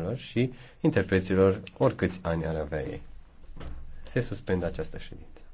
lor și interpreților oricâți ani ar avea ei. Se suspendă această ședință.